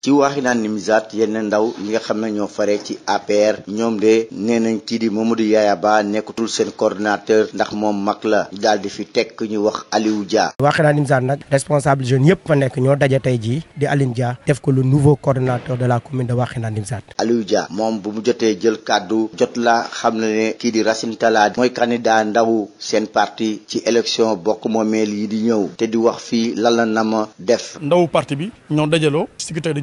ci waaxinaan nimzaat yenn ndaw ñi nga xam ne ñoo fare ci APR ñoom de nee nañ kii di Mamadou Yaya Ba nekkatul seen coordonnateur ndax moom mag la ñu di fi teg ñu wax Aliou Dia waaxinaan nimzaat nag responsable jeune yëpp fa nekk ñoo daje tey jii di Aliou Dia def ko lu nouveau coordonnateur de la commune de waaxinaan nimzaat Aliou Dia moom bu mu jotee jël kàddu jot la xam ne ne kii di Racine Talla mooy candidat ndaw seen parti ci élection bokk moomeel yi di ñëw te di wax fii lan la nama def ndaw parti bi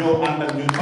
ñëw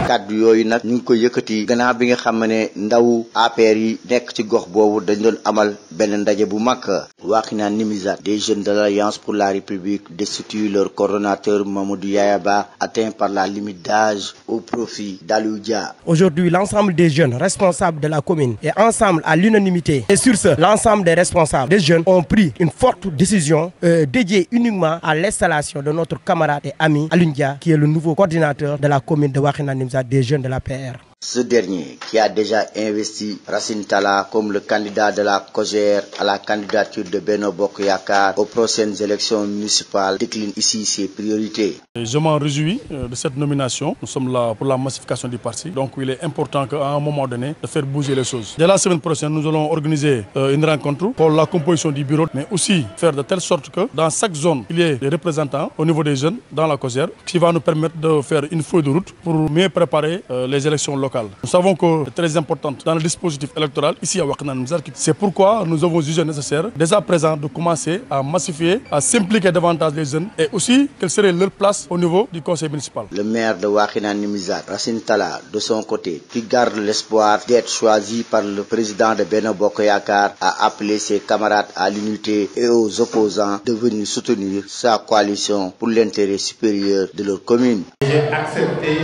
kàddu yooyu nag ñu ngi ko yëkkati gannaaw bi nga xam ne ndaw APR yi nekk ci gox boobu dañ doon amal benn ndaje bu mag. Wakina Nimiza, des jeunes de l'Alliance pour la République destituent leur coordonnateur Mamoudou Yayaba, atteint par la limite d'âge, au profit d'Aloudia. Aujourd'hui, l'ensemble des jeunes responsables de la commune est ensemble à l'unanimité. Et sur ce, l'ensemble des responsables des jeunes ont pris une forte décision euh, dédiée uniquement à l'installation de notre camarade et ami Alundia, qui est le nouveau coordinateur de la commune de Wakina Nimza, des jeunes de la PR. Ce dernier, qui a déjà investi Racine Tala comme le candidat de la COGER à la candidature de Beno Bokoyakar aux prochaines élections municipales, décline ici ses priorités. Je m'en réjouis euh, de cette nomination. Nous sommes là pour la massification du parti. Donc il est important qu'à un moment donné, de faire bouger les choses. Dès la semaine prochaine, nous allons organiser euh, une rencontre pour la composition du bureau, mais aussi faire de telle sorte que dans chaque zone, il y ait des représentants au niveau des jeunes dans la COGER, qui va nous permettre de faire une feuille de route pour mieux préparer euh, les élections locales nous savons que c'est très important dans le dispositif électoral ici à Wakanan C'est pourquoi nous avons jugé nécessaire, dès à présent, de commencer à massifier, à s'impliquer davantage les jeunes et aussi quelle serait leur place au niveau du conseil municipal. Le maire de Wakinan Nimizar, Racine Tala, de son côté, qui garde l'espoir d'être choisi par le président de Beno Bokoyakar, a appelé ses camarades à l'unité et aux opposants de venir soutenir sa coalition pour l'intérêt supérieur de leur commune. J'ai accepté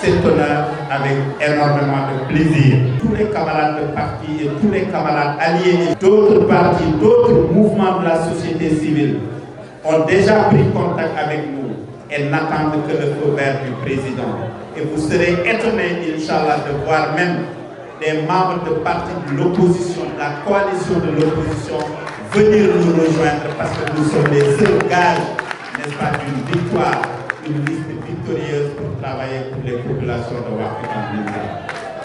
cet honneur avec énormément de plaisir. Tous les camarades de parti et tous les camarades alliés d'autres partis, d'autres mouvements de la société civile ont déjà pris contact avec nous et n'attendent que le couvert du président. Et vous serez étonnés, Inch'Allah, de voir même des membres de partis de l'opposition, de la coalition de l'opposition, venir nous rejoindre parce que nous sommes les seuls gages, n'est-ce pas, d'une victoire, d'une liste victorieuse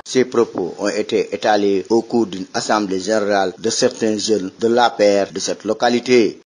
ces propos ont été étalés au cours d'une assemblée générale de certains jeunes de la paire de cette localité.